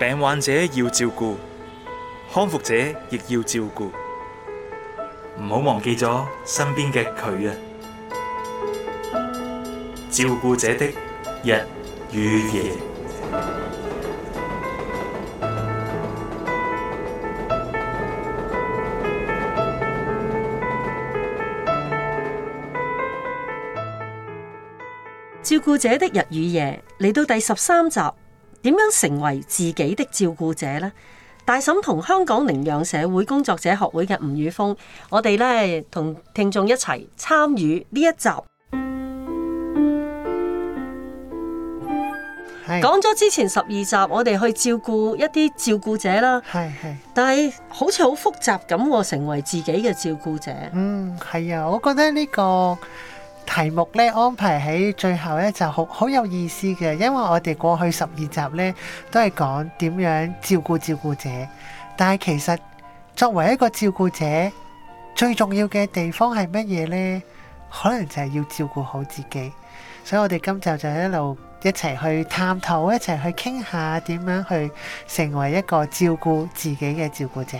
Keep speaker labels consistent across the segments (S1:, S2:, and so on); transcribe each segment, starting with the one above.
S1: 病患者要照顧，康復者亦要照顧，唔好忘記咗身邊嘅佢呀！照顧者的日與夜，
S2: 照顧者的日與夜嚟到第十三集。點樣成為自己的照顧者呢？大嬸同香港領養社會工作者學會嘅吳宇峰，我哋呢同聽眾一齊參與呢一集，講咗是之前十二集，我哋去照顧一啲照顧者啦。
S1: 但係好似好複雜咁，成為自己嘅照顧者。嗯，係啊，我覺得呢個。題目咧，安排喺最後一集，好好有意思嘅，因為我哋過去十二集咧都係講點樣照顧照顧者，但係其實作為一個照顧者，最重要嘅地方係乜嘢呢？可能就係要照顧好自己，所以我哋今集就一路一齊去探討，一齊去傾下點樣去成為一個照顧自己嘅照顧者。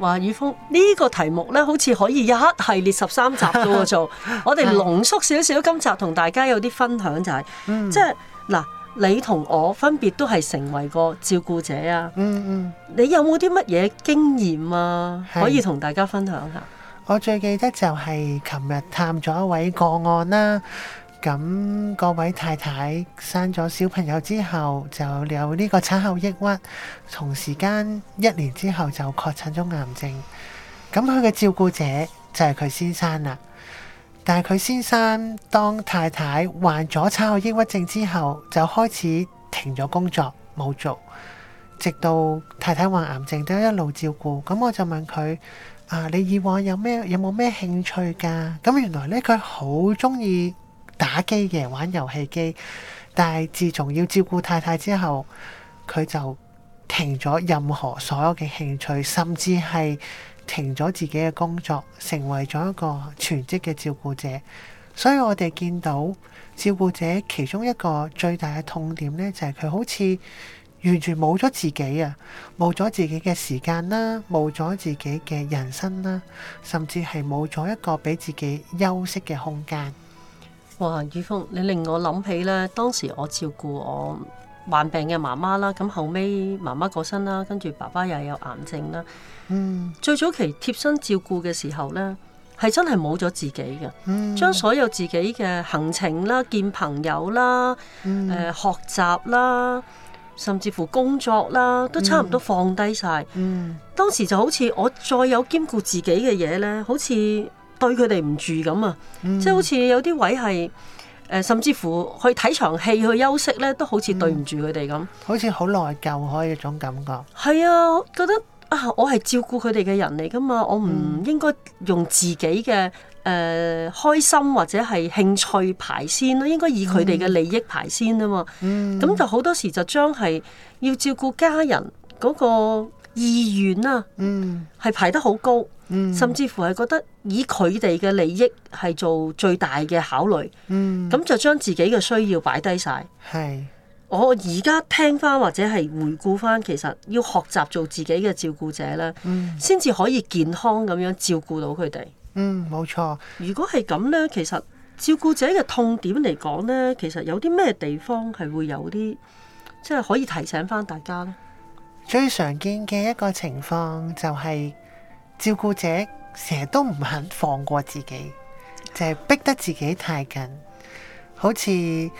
S2: 話雨峰呢個題目咧，好似可以一系列十三集都做。 我哋濃縮少少，的今集同大家有啲分享就係、是，即係嗱，你同我分別都係成為個照顧者、嗯嗯、有有啊。嗯嗯的，你有冇啲乜嘢經驗啊？可以同大家分享下。
S1: 我最記得就係琴日探咗一位個案啦。咁，嗰位太太生咗小朋友之後就有呢個產後抑鬱，同時間一年之後就確診咗癌症。咁佢嘅照顧者就係佢先生啦。但係佢先生當太太患咗產後抑鬱症之後，就開始停咗工作冇做，直到太太患癌症都一路照顧。咁我就問佢：啊，你以往有咩有冇咩興趣㗎？咁原來呢，佢好中意。打機嘅玩遊戲機，但係自從要照顧太太之後，佢就停咗任何所有嘅興趣，甚至係停咗自己嘅工作，成為咗一個全職嘅照顧者。所以我哋見到照顧者其中一個最大嘅痛點咧，就係、是、佢好似完全冇咗自己啊，冇咗自己嘅時間啦，冇咗自己嘅人生啦，甚至係冇咗一個俾自己休息嘅空間。
S2: 哇，宇峰，你令我諗起咧，當時我照顧我患病嘅媽媽啦，咁後尾媽媽過身啦，跟住爸爸又有癌症啦，嗯，最早期貼身照顧嘅時候咧，係真係冇咗自己嘅，嗯，將所有自己嘅行程啦、見朋友啦、誒、嗯呃、學習啦，甚至乎工作啦，都差唔多放低晒，嗯，嗯，當時就好似我再有兼顧自己嘅嘢咧，好似。對佢哋唔住咁啊，嗯、即係好似有啲位係誒、呃，甚至乎去睇場戲去休息咧，都好似對唔住佢哋咁，
S1: 好似好內疚開一種感覺。係
S2: 啊，覺得啊，我係、啊、照顧佢哋嘅人嚟㗎嘛，我唔應該用自己嘅誒、呃、開心或者係興趣排先咯、啊，應該以佢哋嘅利益排先啊嘛。嗯，咁、嗯、就好多時就將係要照顧家人嗰個意願啊，嗯，係排得好高。甚至乎係覺得以佢哋嘅利益係做最大嘅考慮，咁、嗯、就將自己嘅需要擺低晒。係，我而家聽翻，或者係回顧翻，其實要學習做自己嘅照顧者咧，先至、嗯、可以健康咁樣照顧到佢哋。
S1: 嗯，冇錯。如果
S2: 係咁呢，其實照顧者嘅痛點嚟講呢，其實有啲咩地方係會有啲，即係可以提醒翻大家呢？
S1: 最常見嘅一個情況就係。照顧者成日都唔肯放過自己，就係、淨係、逼得自己太緊，好似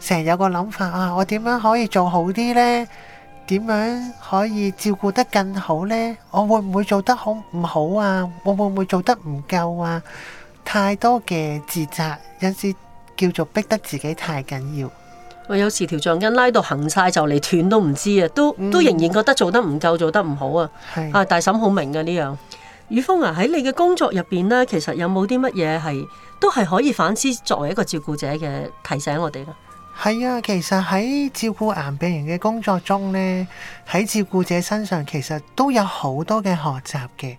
S1: 成日有個諗法啊，我點樣可以做好啲呢？點樣可以照顧得更好呢？我會唔會做得好唔好啊？我會唔會做得唔夠啊？太多嘅自責，有時叫做逼得自己太緊要。
S2: 我、呃、有時條橡筋拉到行晒就嚟斷都唔知啊，都都仍然覺得做得唔夠，做得唔好啊！是啊，大嬸好明㗎呢樣。宇峰啊，喺你嘅工作入邊呢，其實有冇啲乜嘢係都係可以反思作為一個照顧者嘅提醒我哋咧？
S1: 係啊，其實喺照顧癌病人嘅工作中呢，喺照顧者身上其實都有好多嘅學習嘅，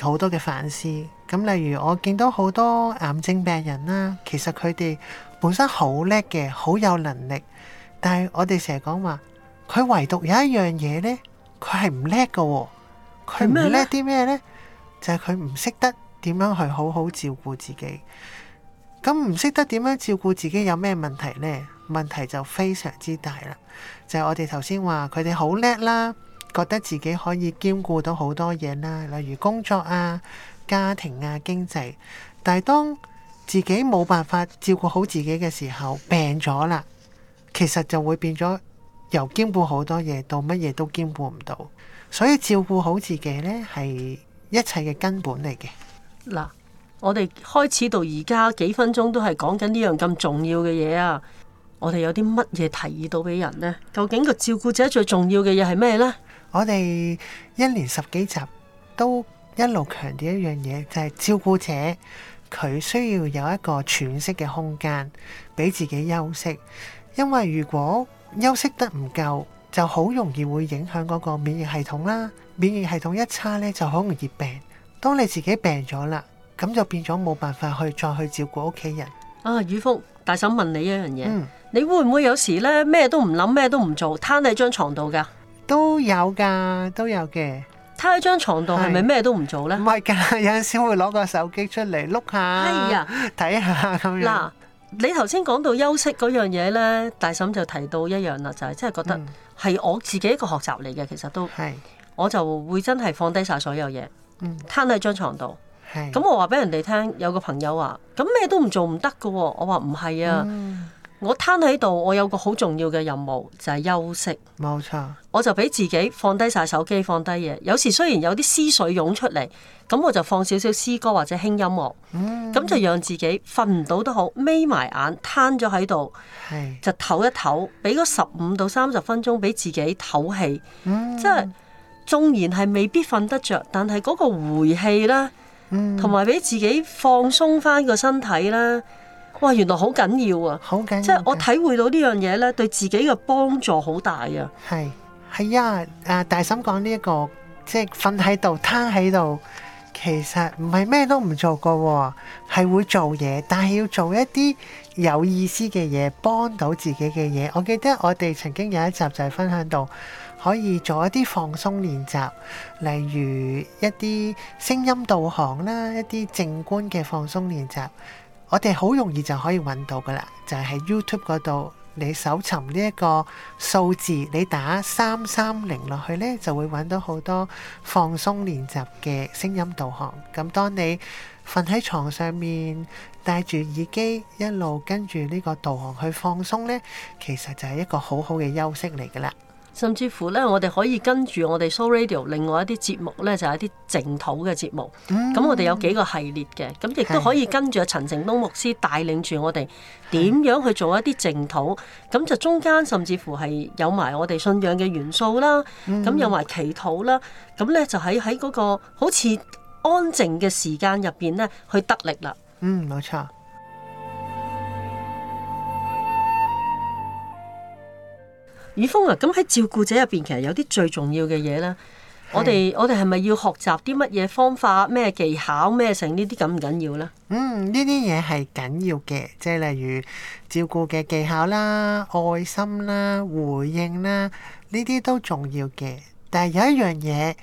S1: 好多嘅反思。咁例如我見到好多癌症病人啦，其實佢哋。本身好叻嘅，好有能力，但係我哋成日講話佢唯獨有一樣嘢呢，佢係唔叻噶佢唔叻啲咩呢？就係佢唔識得點樣去好好照顧自己。咁唔識得點樣照顧自己有咩問題呢？問題就非常之大啦。就係我哋頭先話佢哋好叻啦，覺得自己可以兼顧到好多嘢啦，例如工作啊、家庭啊、經濟，但係當。自己冇辦法照顧好自己嘅時候，病咗啦。其實就會變咗由兼顧好多嘢到乜嘢都兼顧唔到，所以照顧好自己呢，係一切嘅根本嚟嘅。嗱，
S2: 我哋開始到而家幾分鐘都係講緊呢樣咁重要嘅嘢啊！我哋有啲乜嘢提
S1: 議到俾人呢？究竟個照顧者最重要嘅嘢係咩呢？我哋一連十幾集都一路強調一樣嘢，就係、是、照顧者。佢需要有一個喘息嘅空間，俾自己休息。因為如果休息得唔夠，就好容易會影響嗰個免疫系統啦。免疫系統一差咧，就好容易病。當你自己病咗啦，咁就變咗冇辦法去再去照顧屋企人。
S2: 啊，宇福大嬸問你一樣嘢，嗯、
S1: 你會唔會有時咧，
S2: 咩都唔諗，咩都唔做，攤喺張床度噶？
S1: 都有噶，都有嘅。
S2: 攤喺張床度係咪咩都唔做咧？唔係噶，有陣時會攞個手機出嚟碌下，係啊，睇下咁樣。嗱，你頭先講到休息嗰樣嘢咧，大嬸就提到一樣啦，就係即係覺得係我自己一個學習嚟嘅，其實都係，是我就會真係放低晒所有嘢，攤喺張床度。係咁是，我話俾人哋聽，有個朋友話咁咩都唔做唔得噶，我話唔係啊。嗯我攤喺度，我有個好重要嘅任務就係、是、休息，冇錯。我就俾自己放低晒手機，放低嘢。有時雖然有啲思緒湧出嚟，咁我就放少少詩歌或者輕音樂，咁、嗯、就讓自己瞓唔到都好，眯埋眼攤咗喺度，是就唞一唞，俾嗰十五到三十分鐘俾自己唞氣，即係、嗯、縱然係未必瞓得着，但係嗰個回氣啦，同埋俾自己放鬆翻個身體啦。哇！原來好緊要啊，要即係我體會到呢樣嘢咧，對自己
S1: 嘅幫助好大啊！係，係啊！啊，大嬸講呢一個，即係瞓喺度，攤喺度，其實唔係咩都唔做嘅喎，係會做嘢，但係要做一啲有意思嘅嘢，幫到自己嘅嘢。我記得我哋曾經有一集就係分享到，可以做一啲放鬆練習，例如一啲聲音導航啦，一啲靜觀嘅放鬆練習。我哋好容易就可以揾到噶啦，就係喺 YouTube 嗰度，你搜尋呢一個數字，你打三三零落去呢，就會揾到好多放鬆練習嘅聲音導航。咁當你瞓喺床上面，戴住耳機，一路跟住呢個導航去放鬆呢，其實就係一個好好嘅休息嚟噶啦。
S2: 甚至乎咧，我哋可以跟住我哋 So Radio 另外一啲節目咧，就係一啲靜土嘅節目。咁、嗯、我哋有幾個系列嘅，咁亦都可以跟住陳成東牧師帶領住我哋點樣去做一啲靜土。咁的就中間甚至乎係有埋我哋信仰嘅元素啦。
S1: 咁、嗯、有埋
S2: 祈禱啦。咁咧就喺喺嗰個好似安靜嘅時間入邊咧，去得力啦。
S1: 嗯，冇錯。
S2: 雨峰啊，咁喺照顧者入邊，其實有啲最重要嘅嘢咧。我哋我哋
S1: 係咪要學習啲乜嘢方法、咩技巧、咩成呢啲緊唔緊要咧？嗯，呢啲嘢係緊要嘅，即係例如照顧嘅技巧啦、愛心啦、回應啦，呢啲都重要嘅。但係有一樣嘢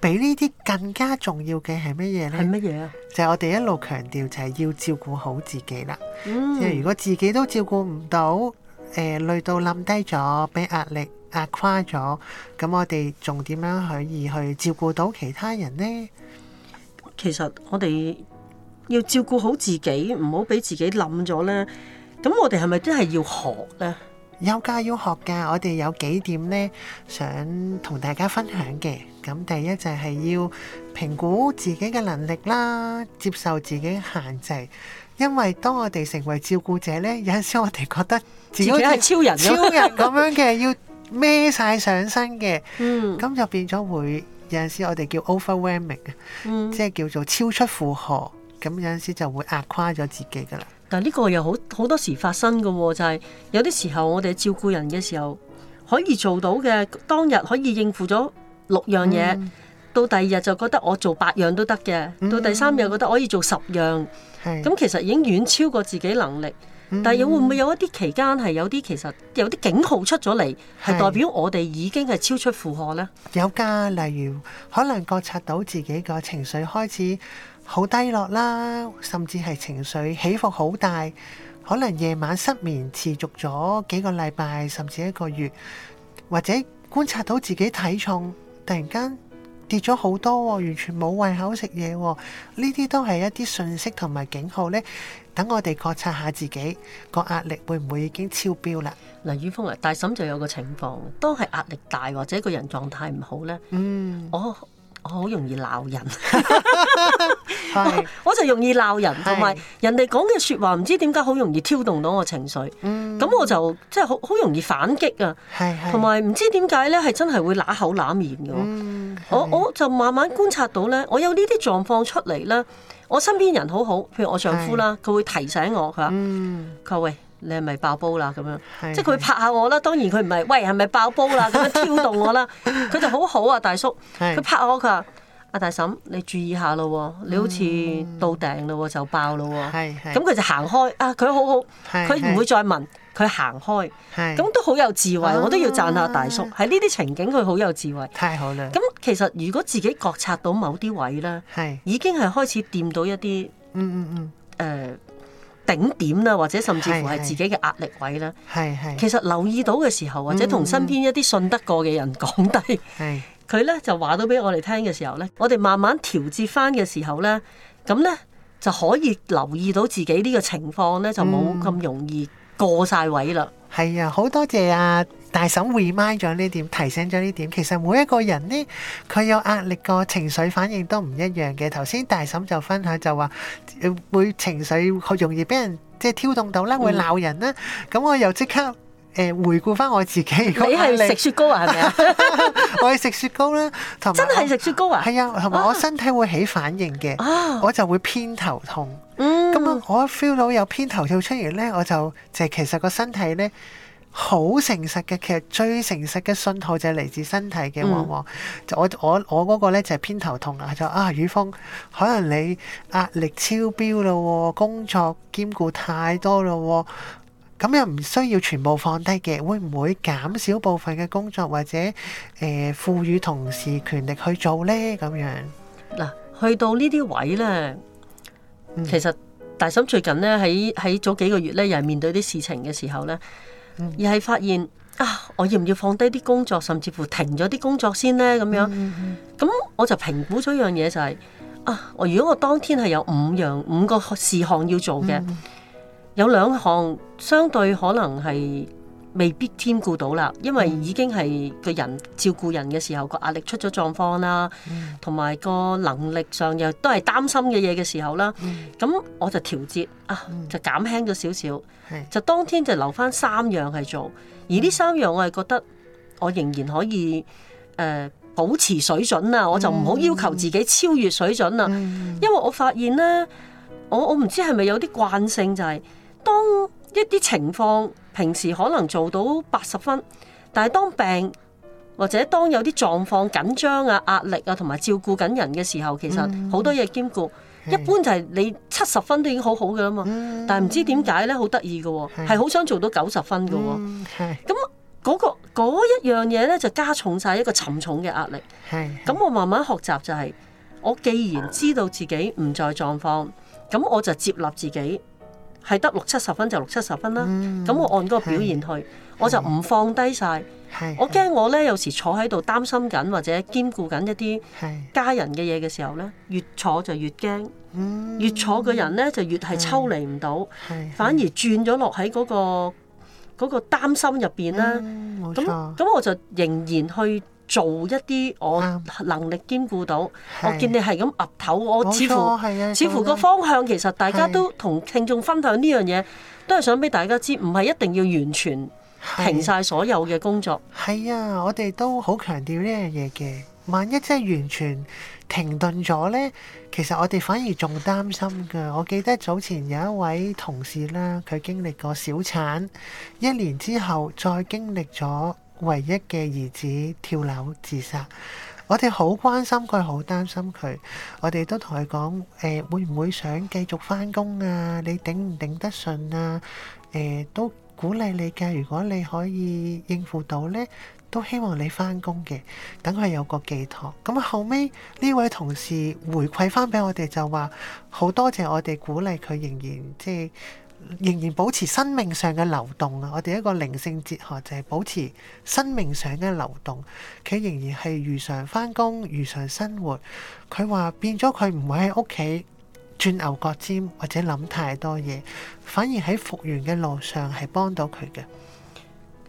S1: 比呢啲更加重要嘅係乜嘢咧？係乜嘢啊？就係我哋一路強調就係要照顧好自己啦。即係、嗯、如果自己都照顧唔到。誒、呃、累到冧低咗，俾壓力壓垮咗，咁我哋仲點樣可以去照顧到其他人呢？其實我哋要照顧好自己，
S2: 唔好俾自己冧咗呢。咁我哋係咪真係要學呢？
S1: 有家要學㗎，我哋有幾點呢，想同大家分享嘅。咁第一就係要評估自己嘅能力啦，接受自己嘅限制。因為當我哋成為照顧者咧，有陣時我哋覺得自己係超人， 超人咁樣嘅，要孭晒上身嘅，嗯，咁就變咗會有陣時我哋叫 overwhelming，嗯、即係叫做超出負荷，咁有陣時就會壓垮咗自己噶啦。但係呢個又好好多時發生噶，就係、是、有啲時候我哋照顧人嘅
S2: 時候可以做到嘅，當日可以應付咗六樣嘢。嗯到第二日就覺得我做八樣都得嘅，到第三日覺得我可以做十樣。咁、嗯、其實已經遠超過自己能力，嗯、但係會唔會有一啲期間係有啲其實有啲警號
S1: 出咗嚟，係、嗯、代表我哋已經係超出負荷呢？有㗎，例如可能覺察到自己個情緒開始好低落啦，甚至係情緒起伏好大，可能夜晚失眠持續咗幾個禮拜，甚至一個月，或者觀察到自己體重突然間，跌咗好多，完全冇胃口食嘢，呢啲都係一啲訊息同埋警號呢，等我哋覺察下自己個壓力會唔會已經超標啦？林、呃、宇峰啊，大嬸就有個情況，都係壓力大或者個人狀態唔好呢。
S2: 嗯，我。我好容易鬧人， 我就容易鬧人，同埋人哋講嘅説話唔知點解好容易挑動到我情緒，咁、嗯、我就即係好好容易反擊啊，同埋唔知點解咧係真係會揦口揦面嘅，我我就慢慢觀察到咧，我有呢啲狀況出嚟咧，我身邊人好好，譬如我丈夫啦，佢會提醒我，佢話，佢話：喂。你係咪爆煲啦？咁樣，是是即係佢拍下我啦。當然佢唔係，喂，係咪爆煲啦？咁樣挑動我啦。佢 就好好啊，大叔。佢是拍我，佢話：阿大嬸，你注意下咯，你好似到頂咯，就爆咯。係係是。咁佢就行開啊！佢好好，佢唔會再問，佢行是開。係。咁都好有智慧，我都要讚下大叔。喺呢啲情景，佢好有智慧。太好啦！咁其實如果自己覺察到某啲位咧，是已經係開始掂到一啲，嗯是嗯嗯，誒、呃。頂點啦，或者甚至乎係自己嘅壓力位啦。係係係，其實留意到嘅時候，或者同身邊一啲信得過嘅人講低，佢係呢就話到俾我哋聽嘅時候呢，我哋慢慢調節返嘅時候呢，咁呢就可以留意到自
S1: 己呢個情況呢，就冇咁容易。過晒位啦，係啊，好多謝啊大嬸 remind 咗呢點，提醒咗呢點。其實每一個人呢，佢有壓力個情緒反應都唔一樣嘅。頭先大嬸就分享就話，會情緒好容易俾人即係挑動到啦，會鬧人啦。咁、嗯、我又即刻。誒，回顧翻我自己，如果你係食雪糕啊，係咪啊？我係食雪糕啦，同真係食雪糕啊？係啊，同埋我身體會起反應嘅，啊、我就會偏頭痛。咁啊、嗯，樣我一 feel 到有偏頭痛出現咧，我就就係、其實個身體咧好誠實嘅，其實最誠實嘅信號就係嚟自身體嘅，往往、嗯、就我我我嗰個咧就係偏頭痛啊，就啊，雨峰，可能你壓力超標啦喎，工作兼顧太多啦喎。咁又唔需要全部放低嘅，會唔會減少部分嘅工作或者誒、呃、賦予同事權力去做呢？咁樣
S2: 嗱，去到呢啲位呢，嗯、其實大嬸最近呢，喺喺早幾個月呢，又係面對啲事情嘅時候呢，而係、嗯、發現啊，我要唔要放低啲工作，甚至乎停咗啲工作先呢？咁樣咁、嗯嗯、我就評估咗一樣嘢就係、是、啊，我如果我當天係有五樣五個事項要做嘅。嗯有兩項相對可能係未必兼顧到啦，因為已經係個人照顧人嘅時候，個壓力出咗狀況啦，同埋個能力上又都係擔心嘅嘢嘅時候啦。咁、嗯、我就調節啊，就減輕咗少少，就當天就留翻三樣去做，而呢三樣我係覺得我仍然可以誒、呃、保持水準啊，我就唔好要，要求自己超越水準啦，因為我發現咧，我我唔知係咪有啲慣性就係、是。當一啲情況平時可能做到八十分，但係當病或者當有啲狀況緊張啊、壓力啊，同埋照顧緊人嘅時候，其實好多嘢兼顧。嗯、一般就係你七十分都已經好好嘅啦嘛。嗯、但係唔知點解咧，好得意嘅，係好是想做到九十分嘅、啊。咁嗰、嗯嗰個嗰一樣嘢咧，就加重晒一個沉重嘅壓力。咁我慢慢學習就係、是，我既然知道自己唔在狀況，咁我就接納自己。係得六七十分就六七十分啦，咁、嗯、我按嗰個表現去，是我就唔放低晒。是我驚我咧有時坐喺度擔心緊或者兼顧緊一啲家人嘅嘢嘅時候咧，越坐就越驚，嗯、越坐嘅人咧就越係抽離唔到，是反而轉咗落喺嗰、嗰個嗰、嗰個、擔心入邊啦。咁咁我就仍然去。做一啲我能力兼顧到，是我見你係咁岌頭，錯我似乎
S1: 的似乎個
S2: 方向的其實大家都同聽眾分享呢樣嘢，的都係想俾大家知，唔係一定要完全停晒所有
S1: 嘅工作。係啊，我哋都好強調呢樣嘢嘅。萬一即係完全停頓咗咧，其實我哋反而仲擔心㗎。我記得早前有一位同事啦，佢經歷過小產，一年之後再經歷咗，唯一嘅兒子跳樓自殺，我哋好關心佢，好擔心佢，我哋都同佢講，誒、呃、會唔會想繼續翻工啊？你頂唔頂得順啊？誒、呃、都鼓勵你㗎，如果你可以應付到呢。都希望你翻工嘅，等佢有個寄託。咁後尾呢位同事回饋翻俾我哋，就話好多謝我哋鼓勵佢，仍然即係仍然保持生命上嘅流動啊！我哋一個靈性哲學就係保持生命上嘅流動，佢仍然係如常翻工，如常生活。佢話變咗佢唔會喺屋企鑽牛角尖或者諗太多嘢，反而喺復原嘅路上係幫到佢嘅。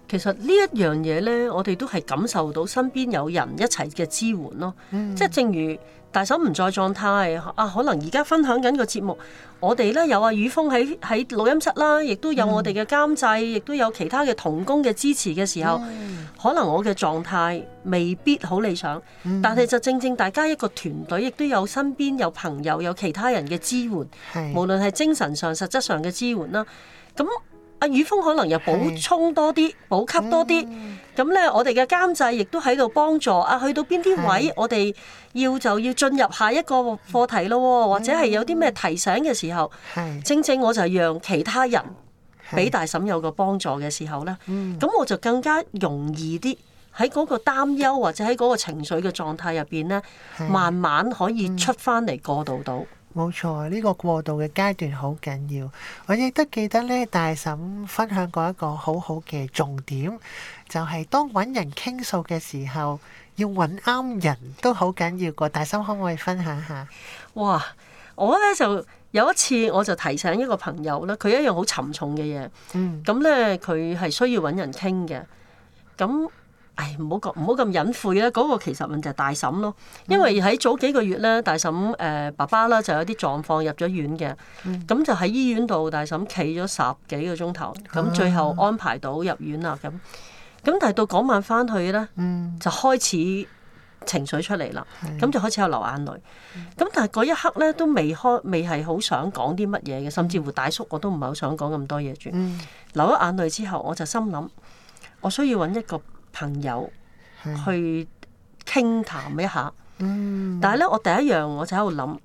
S1: 其實呢一
S2: 樣嘢呢，我哋都係感受到身邊有人一齊嘅支援咯。嗯、即係正如大手唔在狀態啊，可能而家分享緊個節目，我哋咧有啊宇峰喺喺錄音室啦，亦都有我哋嘅監製，亦、嗯、都有其他嘅同工嘅支持嘅時候，嗯、可能我嘅狀態未必好理想，嗯、但係就正正大家一個團隊，亦都有身邊有朋友、有其他人嘅支援，是無論係精神上、實質上嘅支援啦。咁。阿宇峰可能又補充多啲，是補給多啲，咁咧，嗯、我哋嘅監製亦都喺度幫助。阿、啊、去到邊啲位，是我哋要就要進入下一個課題咯，哦，或者係有啲咩提醒嘅時候，是正正我就係讓其他人俾大嬸有個幫助嘅時候咧，咁是、嗯、我就更加容易啲喺嗰個擔憂或者喺嗰個情緒嘅狀態入邊咧，是嗯、慢慢可以出返嚟過渡
S1: 到。冇錯，呢個過渡嘅階段好緊要。我亦都記得咧，大嬸分享過一個好好嘅重點，就係當揾人傾訴嘅時候，要揾啱人都好緊要。個大嬸可唔可以分享下？
S2: 哇！我咧就有一次，我就提醒一個朋友咧，佢一樣好沉重嘅嘢。嗯，咁咧佢係需要揾人傾嘅。咁唉，唔好咁，唔好咁隱晦咧。嗰、那個其實問就係大嬸咯，因為喺早幾個月咧，大嬸誒、呃、爸爸啦就有啲狀況入咗院嘅，咁、嗯、就喺醫院度大嬸企咗十幾個鐘頭，咁最後安排到入院啦。咁咁、啊嗯、但係到嗰晚返去咧，嗯、就開始情緒出嚟啦，咁、嗯、就開始有流眼淚。咁、嗯、但係嗰一刻咧都未開，未係好想講啲乜嘢嘅，甚至乎大叔我都唔係好想講咁多嘢住。嗯、流咗眼淚之後，我就心諗，我需要搵一個。朋友去傾談，談一下，的嗯、但係咧，我第一樣我就喺度諗，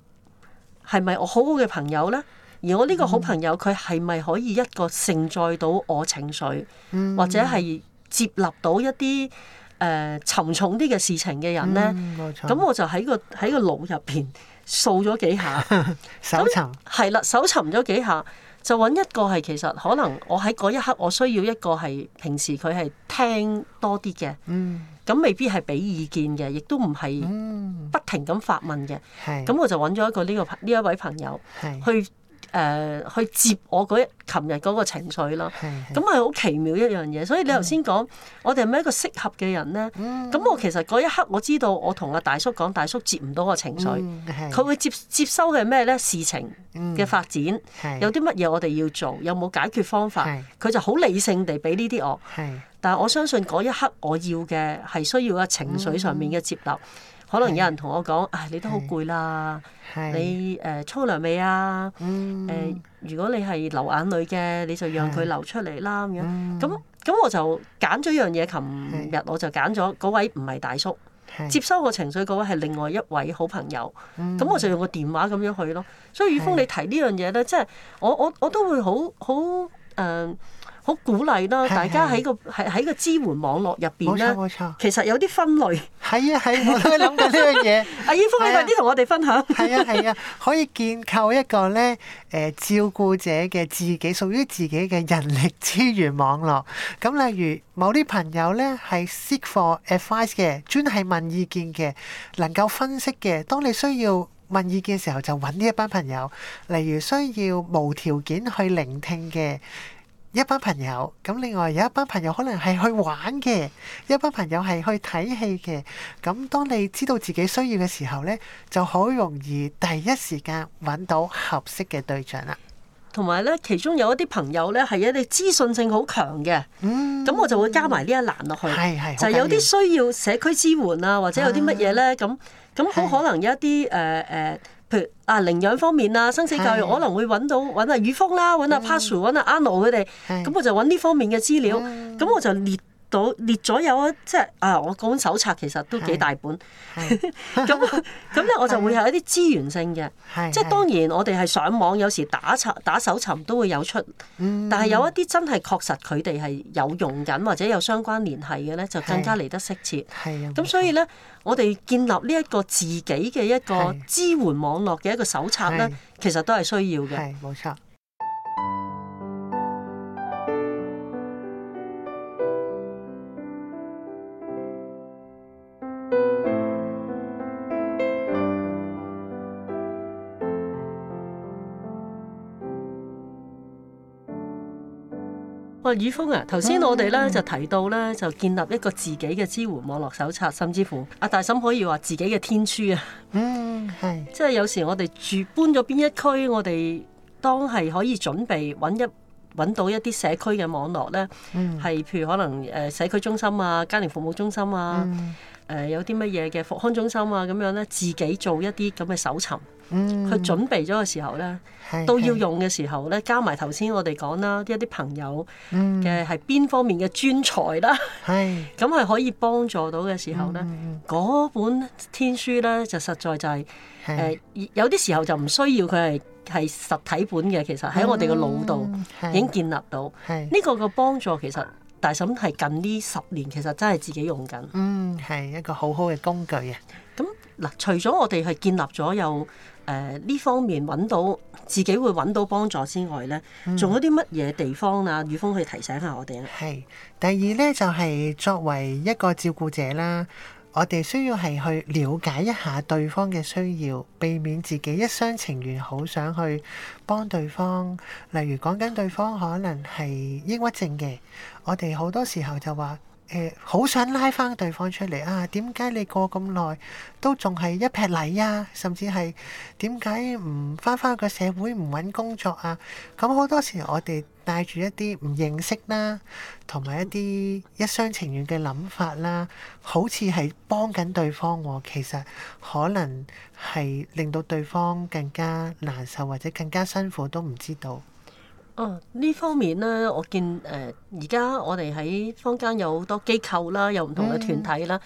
S2: 係咪我好好嘅朋友咧？而我呢個好朋友佢係咪可以一個承載到我情緒，
S1: 嗯、或者係
S2: 接納到一啲誒、呃、沉重啲嘅事情嘅人咧？
S1: 冇錯、咁、嗯、
S2: 我就喺個喺個腦入邊掃咗幾下，搜尋係啦，搜尋咗幾下。就揾一個係其實可能我喺嗰一刻我需要一個係平時佢係聽多啲嘅，咁、嗯、未必係俾意見嘅，亦都唔係不停咁發問嘅。咁、嗯、我就揾咗一個呢、呢個呢一位朋友是去。誒、呃、去接我嗰一琴日嗰個情緒啦，咁係好奇妙一樣嘢。所以你頭先講，我哋係咪一個適合嘅人咧？咁、嗯、我其實嗰一刻我知道，我同阿大叔講，大叔接唔到個情緒，佢、嗯、會接接收嘅係咩咧？事情嘅發展、嗯、有啲乜嘢我哋要做，有冇解決方法？佢是就好理性地俾呢啲我。是但係我相信嗰一刻我要嘅係需要嘅情緒上面嘅接納。嗯嗯可能有人同我講，唉是、哎，你都好攰啦，是你誒沖涼未啊？誒、呃嗯呃，如果你係流眼淚嘅，你就讓佢流出嚟啦咁樣。咁咁、嗯、我就揀咗一樣嘢，琴日我就揀咗嗰位唔係大叔，是接收我情緒嗰位係另外一位好朋友。咁、嗯、我就用個電話咁樣去咯。所以宇峰你提呢樣嘢咧，即係我我我，我都會好好誒。好鼓勵啦！的大家喺個喺喺個支援網
S1: 絡入邊咧，錯其實有啲分類的。係啊係，我都諗緊呢樣嘢。阿依峯，你快啲同我哋分享。係啊係啊，可以建構一個咧誒、呃、照顧者嘅自己屬於自己嘅人力資源網絡。咁例如某啲朋友咧係 seek for advice 嘅，專係問意見嘅，能夠分析嘅。當你需要問意見嘅時候，就揾呢一班朋友。例如需要無條件去聆聽嘅，一班朋友，咁另外有一班朋友可能係去玩嘅，一班朋友係去睇戲嘅。咁當你知道自己需要嘅時候呢，就好容易第一時間揾到合適嘅對象啦。
S2: 同埋呢，其中有一啲朋友呢係一啲資訊性好強嘅，嗯，咁我就會加埋呢一欄
S1: 落去，係係是就有啲需
S2: 要社區支援啊，或者有啲乜嘢呢？咁咁好可能有一啲誒誒。是呃呃譬如啊，領養方面啊，生死教育是的 可能會揾到揾阿宇峯啦，揾阿 Pascal、揾阿、so, 是的 Arnold 佢哋，咁是的 我就揾呢方面嘅資料，咁是的 我就列。到列咗有啊，即係啊，我講手冊其實都幾大本，咁咁咧我就會有一啲資源性嘅，即係當然我哋係上網，有時打查打搜尋都會有出，嗯、但係有一啲真係確實佢哋係有用緊或者有相關聯繫嘅咧，就更加嚟得適切。係啊，咁所以咧，錯我哋建立呢一個自己嘅一個支援網絡嘅一個手冊咧，是其實都係需要嘅。冇錯。雨峰啊，頭先我哋咧、mm hmm. 就提到咧，就建立一個自己嘅支援網絡手冊，甚至乎阿大嬸可以話自己嘅天書啊。嗯、 mm，係、hmm。即係有時我哋住搬咗邊一區，我哋當係可以準備揾一揾到一啲社區嘅網絡咧。嗯、mm，係、hmm. 譬如可能誒社區中心啊、家庭服務中心啊。Mm hmm. 誒、呃、有啲乜嘢嘅復康中心啊咁樣咧，自己做一啲咁嘅搜尋，佢、嗯、準備咗嘅時候咧，是是都要用嘅時候咧，加埋頭先我哋講啦，一啲朋友嘅係邊方面嘅專才啦，咁係是是 可以幫助到嘅時候咧，嗰是是 本天書咧就實在就係、是、誒是是、呃、有啲時候就唔需要佢係係實體本嘅，其實喺我哋個腦度已經建立到呢是個嘅幫助其實。大嬸係近呢十年其實真係自己用緊，嗯，係一個好好嘅工具啊。咁嗱，除咗我哋係建立咗有誒呢、呃、方面揾到自己會揾到幫助之外咧，
S1: 仲、嗯、有啲乜嘢地方啊？宇峰去提醒下我哋啦。係，第二咧就係、是、作為一個照顧者啦。我哋需要係去了解一下對方嘅需要，避免自己一廂情願好想去幫對方。例如講緊對方可能係抑鬱症嘅，我哋好多時候就話誒好想拉翻對方出嚟啊！點解你過咁耐都仲係一劈泥啊？甚至係點解唔翻翻個社會唔揾工作啊？咁好多時我哋。帶住一啲唔認識啦，同埋一啲一廂情願嘅諗法啦，好似係幫緊對方，其實可能係令到對方更加難受或者更加辛苦，都唔知道。
S2: 哦、啊，呢方面咧，我見誒而家我哋喺坊間有好多機構啦，有唔同嘅團體啦，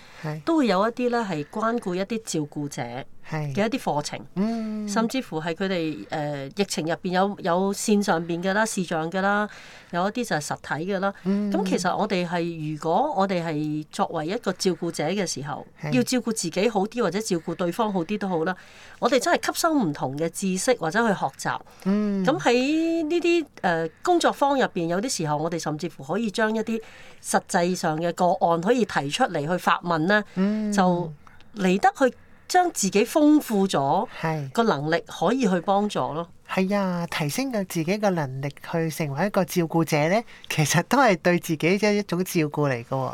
S2: 都會有一啲咧係關顧一啲照顧者。嘅一啲課程，甚至乎係佢哋誒疫情入邊有有線上邊嘅啦、視像嘅啦，有一啲就係實體嘅啦。咁、嗯、其實我哋係如果我哋係作為一個照顧者嘅時候，的要照顧自己好啲或者照顧對方好啲都好啦。我哋真係吸收唔同嘅知識或者去學習。咁喺呢啲誒工作坊入邊，有啲時候我哋甚至乎可以將一啲實際上嘅個案可以提出嚟去發問咧，嗯、就嚟得去。將自己豐
S1: 富咗，係個能力可以去幫助咯。係啊，提升佢自己嘅能力去成為一個照顧者呢，其實都係對自己嘅一種照顧嚟㗎。哇，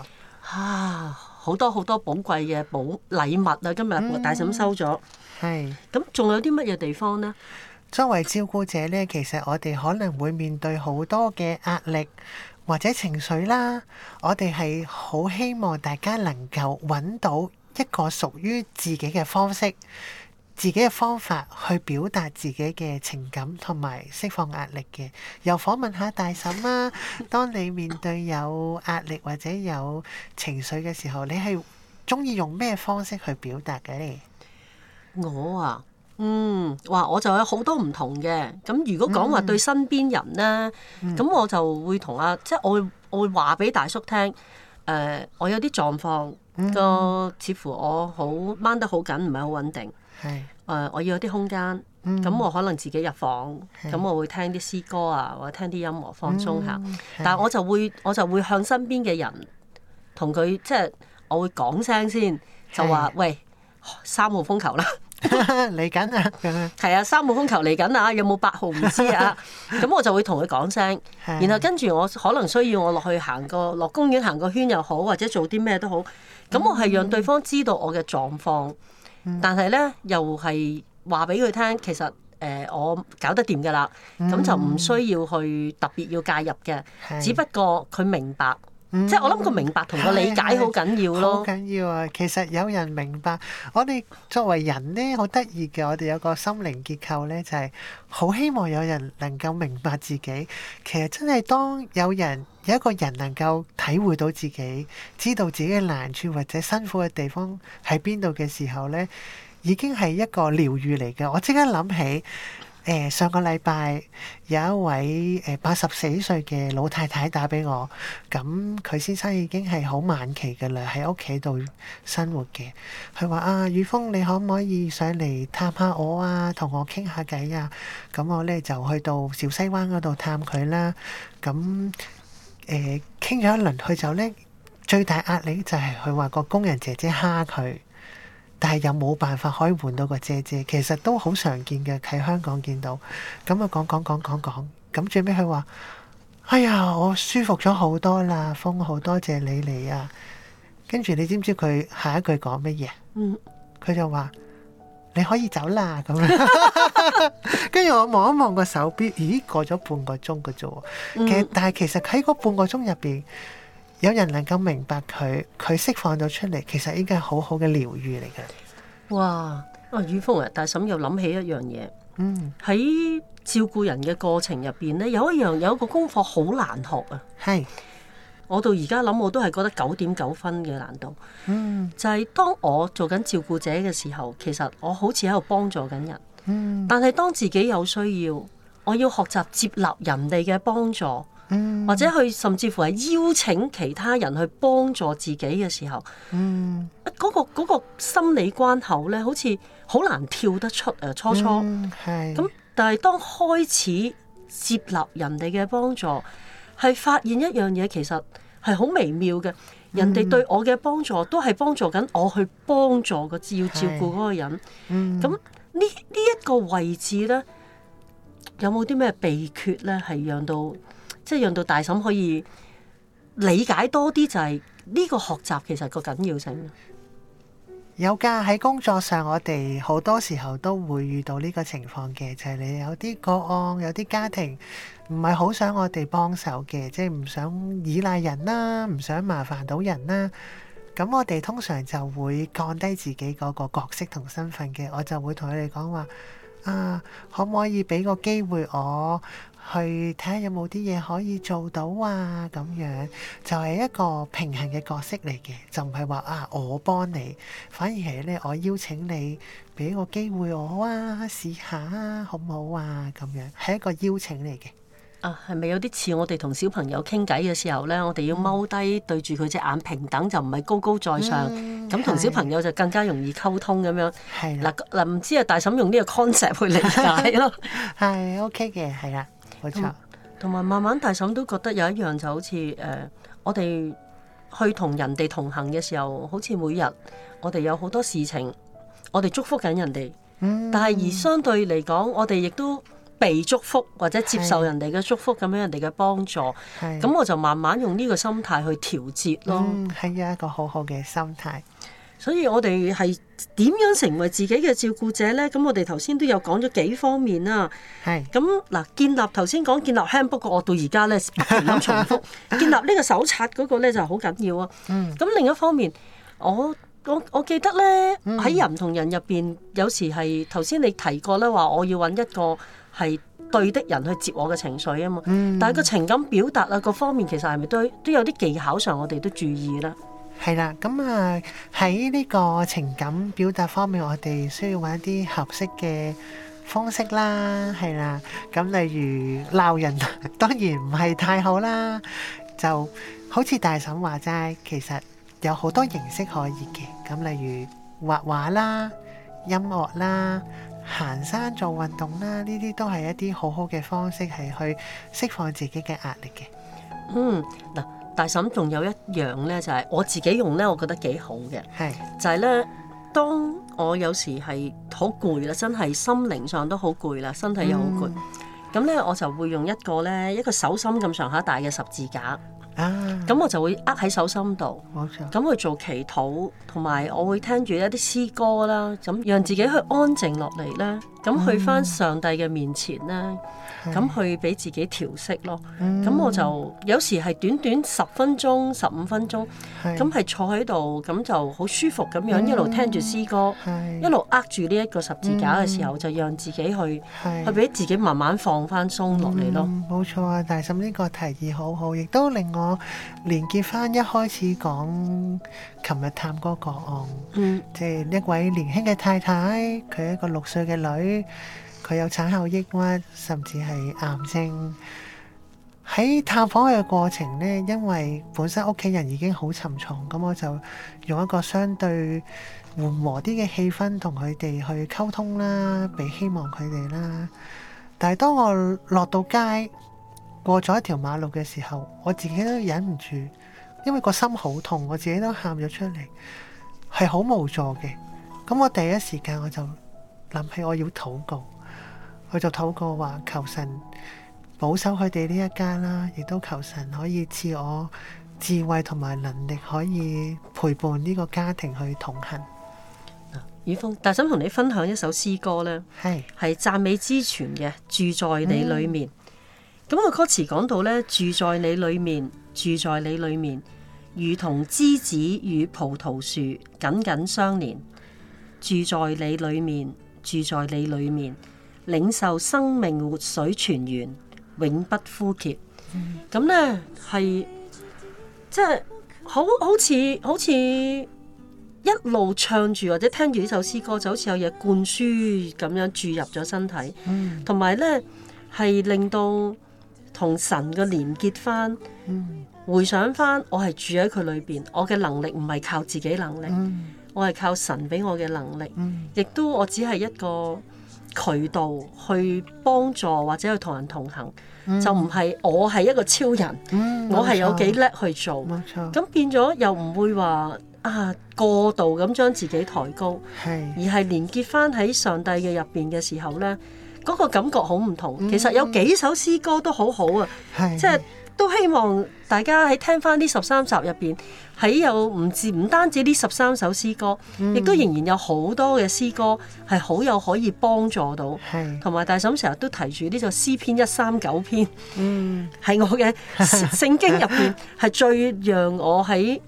S2: 好多好多寶貴嘅寶禮物啊！今日大嬸收咗，
S1: 係。咁仲有啲乜嘢地方呢？作為照顧者呢，其實我哋可能會面對好多嘅壓力或者情緒啦。我哋係好希望大家能夠揾到。一個屬於自己嘅方式，自己嘅方法去表達自己嘅情感同埋釋放壓力嘅，又訪問下大嬸啦、啊。當你面對有壓力或者有情緒嘅時候，你係中意用咩方式去表達嘅咧？我啊，
S2: 嗯，哇，我就有好多唔同嘅。咁如果講話、嗯、對身邊人咧，咁、嗯、我就會同阿，即係我會我會話俾大叔聽，誒、呃，我有啲狀況。個似乎我好掹得好緊，唔係好穩定。係，誒，我要有啲空間。咁我可能自己入房，咁我會聽啲詩歌啊，或者聽啲音樂放鬆下。但我就會，我就會向身邊嘅人同佢，即係我會講聲先，就話喂，三號風球啦，嚟緊啊！係啊，三號風球嚟緊啊！有冇八號唔知啊？咁我就會同佢講聲，然後跟住我可能需要我落去行個落公園行個圈又好，或者做啲咩都好。咁、嗯、我係讓對方知道我嘅狀況，嗯、但係咧又係話俾佢聽其實誒、呃、我搞得掂噶啦，咁、嗯、就唔需要
S1: 去特別要介入嘅，的只不過佢明白。嗯、即係我諗佢明白同佢理解好緊要咯，好緊要啊！其實有人明白我哋作為人咧，好得意嘅。我哋有個心靈結構咧，就係好希望有人能夠明白自己。其實真係當有人，有一個人能夠體會到自己，知道自己嘅難處或者辛苦嘅地方喺邊度嘅時候咧，已經係一個療愈嚟嘅。我即刻諗起。誒上個禮拜有一位誒八十四歲嘅老太太打俾我，咁佢先生已經係好晚期㗎喇，喺屋企度生活嘅。佢話啊，宇峰，你可唔可以上嚟探下我啊，同我傾下偈啊？咁我咧就去到小西灣嗰度探佢啦。咁誒傾咗一輪，佢就咧，最大壓力就係佢話個工人姐姐蝦佢。但係又冇辦法可以換到個姐姐，其實都好常見嘅喺香港見到。咁啊講講講講講，咁最尾佢話：哎呀，我舒服咗好多啦，風好多謝你嚟啊！跟住你知唔知佢下一句講乜嘢？佢、嗯、就話：你可以走啦咁樣。跟 住我望一望個手錶，咦，過咗半個鐘嘅啫喎。其、嗯、但係其實喺嗰半個鐘入邊。有人能夠明白佢，佢釋放咗出嚟，其實應該係好好嘅療愈嚟嘅。
S2: 哇！啊，雨風啊，大嬸又諗起一樣嘢。嗯，喺照顧人嘅過程入邊咧，有一樣有一個功課好難學啊。係，我到而家諗我都係覺得九點九分嘅難度。嗯，就係當我做緊照顧者嘅時候，其實我好似喺度幫助緊人。嗯，但係當自己有需要，我要學習接納人哋嘅幫助。或者去甚至乎係邀請其他人去幫助自己嘅時候，嗯，嗰、嗰個、嗰個心理關口咧，好似好難跳得出誒。初初係咁，嗯，但係當開始接納人哋嘅幫助，係發現一樣嘢，其實係好微妙嘅。嗯，人哋對我嘅幫助都係幫助緊我去幫助個要照顧嗰個人。嗯，咁呢呢一個位置咧，有冇啲咩秘訣咧？係讓到，即係讓到大嬸可以理解多啲，就係呢個學習其實個緊要性。
S1: 有噶，喺工作上，我哋好多時候都會遇到呢個情況嘅，就係、是、你有啲個案，有啲家庭唔係好想我哋幫手嘅，即係唔想依賴人啦，唔想麻煩到人啦。咁我哋通常就會降低自己嗰個角色同身份嘅，我就會同佢哋講話：啊，可唔可以俾個機會我？去睇下有冇啲嘢可以做到啊！咁樣就係、是、一個平衡嘅角色嚟嘅，就唔係話啊我幫你，反而係咧我邀請你俾個機會我啊，試下啊，好唔好啊？咁樣係一個邀請嚟嘅
S2: 啊，係咪有啲似我哋同小朋友傾偈嘅時候咧？我哋要踎低對住佢隻眼，平等就唔係高高在上，咁同、哎、小朋友就更加容易溝通咁樣。係啦、啊，嗱唔、啊、知啊，大嬸用呢個 concept 去理解咯
S1: 係 OK 嘅，係啦、啊。
S2: 冇錯，同埋慢慢大嬸都覺得有一樣就好似誒，我哋去同人哋同行嘅時候，好似每日我哋有好多事情，我哋祝福緊人哋，嗯、但係而相對嚟講，我哋亦都被祝福或者接受人哋嘅祝福咁樣是人哋嘅幫助。咁是我就慢慢用呢個心態去調節咯。係、嗯、一
S1: 個好好嘅心態。
S2: 所以我哋係點樣成為自己嘅照顧者咧？咁我哋頭先都有講咗幾方面啊。係咁嗱，建立頭先講建立 handbook，不過我到而家咧不斷重複 建立呢個手冊嗰個咧就好緊要啊。咁、嗯、另一方面，我我我記得咧喺、嗯、人同人入邊，有時係頭先你提過咧話，我要搵一個係對的人去接我嘅情緒啊嘛。嗯、但係個情感表達啊，各方面其實係咪都都有啲技巧上，我哋都注意啦。
S1: 係啦，咁啊喺呢個情感表達方面，我哋需要揾一啲合適嘅方式啦。係啦，咁例如鬧人，當然唔係太好啦。就好似大嬸話齋，其實有好多形式可以嘅。咁例如畫畫啦、音樂啦、行山做運動啦，呢啲都係一啲好好嘅方式，係去釋放自己嘅壓力嘅。嗯，嗱。
S2: 大嬸仲有一樣咧，就係、是、我自己用咧，我覺得幾好嘅。係是，就係咧，當我有時係好攰啦，真係心靈上都好攰啦，身體又好攰。咁咧、嗯，我就會用一個咧，一個手心咁上下大嘅十字架。啊！咁我就會握喺手心度。冇錯。咁去做祈禱，同埋我會聽住一啲詩歌啦，咁讓自己去安靜落嚟啦。咁、嗯、去翻上帝嘅面前咧，
S1: 咁是去
S2: 俾自己調息咯。咁、嗯、我就有時係短短十分鐘、十五分鐘，咁係是坐喺度，咁就好舒服咁樣、嗯、一路聽住詩歌，是一路握住呢一個十字架嘅時候，嗯、就讓自己去是去俾自己慢慢放翻鬆落嚟咯。
S1: 冇、嗯、錯啊，大嬸呢個提議好好，亦都令我連結翻一開始講。琴日探過個案，即係一位年輕嘅太太，佢一個六歲嘅女，佢有產後抑鬱，甚至係癌症。喺探訪佢嘅過程呢，因為本身屋企人已經好沉重，咁我就用一個相對緩和啲嘅氣氛同佢哋去溝通啦，俾希望佢哋啦。但係當我落到街過咗一條馬路嘅時候，我自己都忍唔住。因為個心好痛，我自己都喊咗出嚟，係好無助嘅。咁我第一時間我就諗起我要禱告，我就禱告話求神保守佢哋呢一家啦，亦都求神可以賜我智慧同埋能力，可以陪伴呢個家庭去同行。
S2: 宇峰，但係想同你分享一首詩歌咧，係係讚美之泉嘅，住在你裏面。咁個歌詞講到咧，住在你裏面。住在你裏面，如同枝子與葡萄樹緊緊相連。住在你裏面，住在你裏面，領受生命活水泉源，永不枯竭。咁、嗯、呢係即係好好似好似一路唱住或者聽住呢首詩歌，就好似有嘢灌輸咁樣注入咗身體，同埋、嗯、呢係令到。同神嘅連結翻，回想翻我係住喺佢裏邊，我嘅能力唔係靠自己能力，我係靠神俾我嘅能力，亦都我只係一個渠道去幫助或者去同人同行，就唔係我係一個超人，我係有幾叻去做，咁變咗又唔會話啊過度咁將自己抬高，而係連結翻喺上帝嘅入邊嘅時候呢。嗰個感覺好唔同，其實有幾首詩歌都好好啊，嗯、即係都希望大家喺聽返呢十三集入邊，喺有唔止唔單止呢十三首詩歌，亦、嗯、都仍然有好多嘅詩歌係好有可以幫助到，同埋、嗯、大嬸成日都提住呢首詩篇一三九篇，係、嗯、我嘅聖經入邊係最讓我喺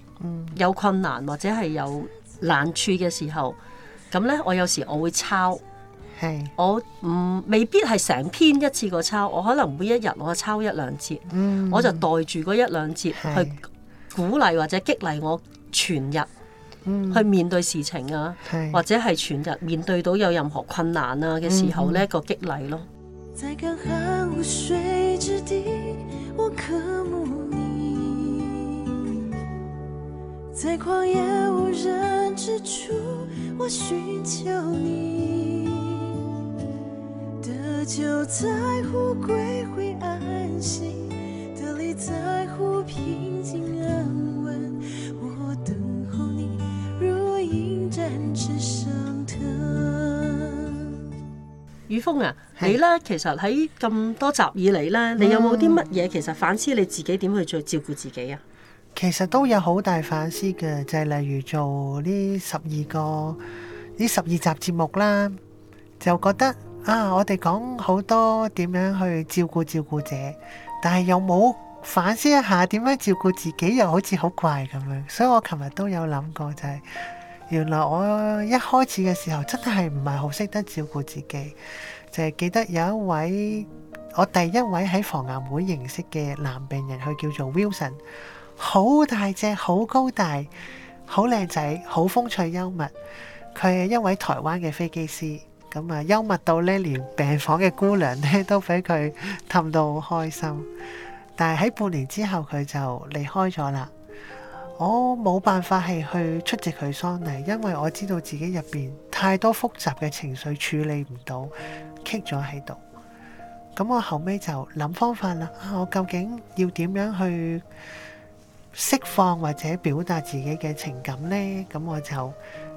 S2: 有困難或者係有難處嘅時候，咁呢，我有時我會抄。我唔未必係成篇一次過抄，我可能每一日我抄一兩節，嗯、我就袋住嗰一兩節去鼓勵或者激勵我全日去面對事情啊，嗯、或者係全日面對到有任何困難啊嘅時候呢個激勵咯。 雨峰啊，是你咧，其實喺咁多集以嚟咧，你有冇啲乜嘢其實反思你自己點去再照顧自己啊？
S1: 其實都有好大反思嘅，就係、是、例如做呢十二個呢十二集節目啦，就覺得。啊！我哋講好多點樣去照顧照顧者，但係又冇反思一下點樣照顧自己，又好似好怪咁樣。所以我琴日都有諗過、就係，就係原來我一開始嘅時候真係唔係好識得照顧自己，就係、係、記得有一位我第一位喺防癌會認識嘅男病人，佢叫做 Wilson，好大隻、好高大、好靚仔、好風趣幽默，佢係一位台灣嘅飛機師。咁啊，幽默到咧，連病房嘅姑娘咧都俾佢氹到好開心。但係喺半年之後，佢就離開咗啦。我冇辦法係去出席佢喪禮，因為我知道自己入邊太多複雜嘅情緒處理唔到，棘咗喺度。咁我後尾就諗方法啦。我究竟要點樣去釋放或者表達自己嘅情感呢？咁我就。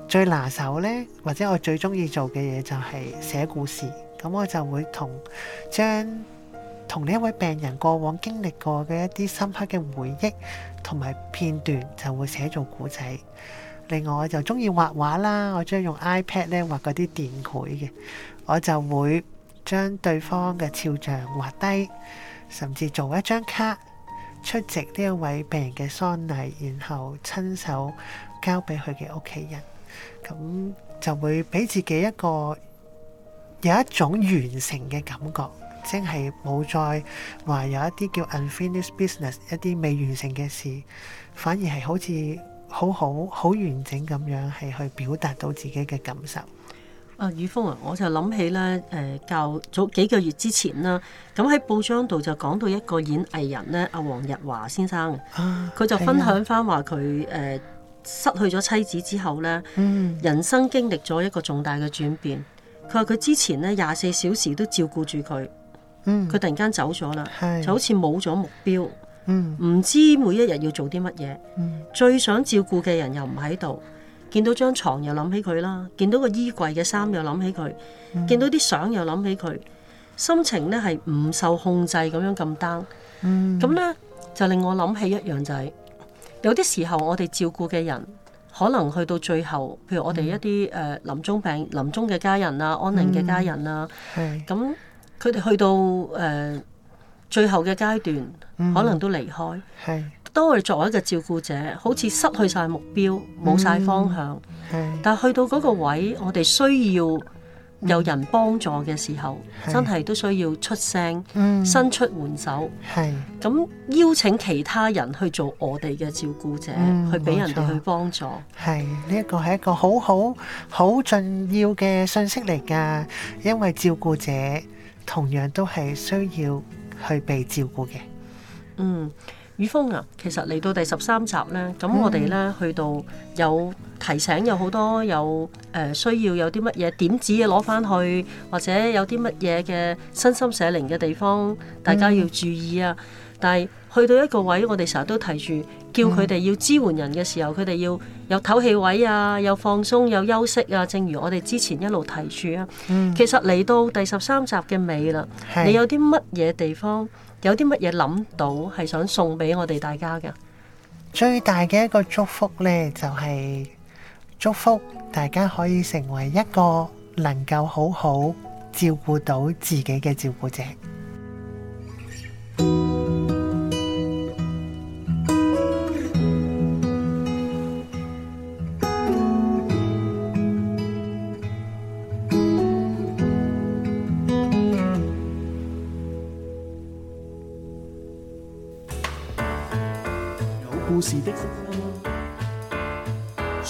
S1: 最拿手呢，或者我最中意做嘅嘢就係寫故事。咁我就會同將同呢一位病人過往經歷過嘅一啲深刻嘅回憶同埋片段，就會寫做故仔。另外我畫畫，我就中意畫畫啦。我中意用 iPad 咧畫嗰啲電繪嘅，我就會將對方嘅肖像畫低，甚至做一張卡出席呢一位病人嘅喪禮，然後親手交俾佢嘅屋企人。咁就會俾自己一個有一種完成嘅感覺，即係冇再話有一啲叫 unfinished business 一啲未完成嘅事，反而係好似好好好完整咁樣係去表達到自己嘅感受。
S2: 啊，宇峰啊，我就諗起咧，誒、呃，較早幾個月之前啦，咁喺報章度就講到一個演藝人咧，阿黃日華先生，佢就分享翻話佢誒。啊失去咗妻子之後咧，嗯、人生經歷咗一個重大嘅轉變。佢話佢之前咧，廿四小時都照顧住佢，佢、嗯、突然間走咗啦，是就好似冇咗目標，唔、嗯、知每一日要做啲乜嘢。嗯、最想照顧嘅人又唔喺度，見到張床又諗起佢啦，見到個衣櫃嘅衫又諗起佢，嗯、見到啲相又諗起佢，心情咧係唔受控制咁樣咁 down。咁咧就令我諗起一樣就係。有啲時候，我哋照顧嘅人，可能去到最後，譬如我哋一啲誒臨終病、臨終嘅家人啊、安寧嘅家人啊，咁佢哋去到誒、呃、最後嘅階段，
S1: 嗯、可能都離開。
S2: 是當我哋作為一個照顧者，好似失去晒目標，冇晒方向，嗯、但係去到嗰個位，我哋需要。有人幫助嘅時候，是真係都需要出聲，嗯、伸出援手。係咁是邀請其他人去做我哋嘅照顧者，嗯、去俾人哋去幫
S1: 助。係呢一個係一個好好好重要嘅信息嚟㗎，因為照顧者同樣都係需要去被照顧嘅。
S2: 嗯。雨峰啊，其實嚟到第十三集呢，咁我哋呢、嗯、去到有提醒，有好多有誒需要有啲乜嘢點子攞翻去，或者有啲乜嘢嘅身心社靈嘅地方，大家要注意啊！嗯、但係去到一個位，我哋成日都提住叫佢哋要支援人嘅時候，佢哋、嗯、要有唞氣位啊，有放鬆，有休息啊。正如我哋之前一路提住啊，嗯、其實嚟到第十三集嘅尾啦，是你有啲乜嘢地方？有啲乜嘢諗到係想送俾我哋大家嘅？
S1: 最大嘅一個祝福咧，就係祝福大家可以成為一個能夠好好照顧到自己嘅照顧者。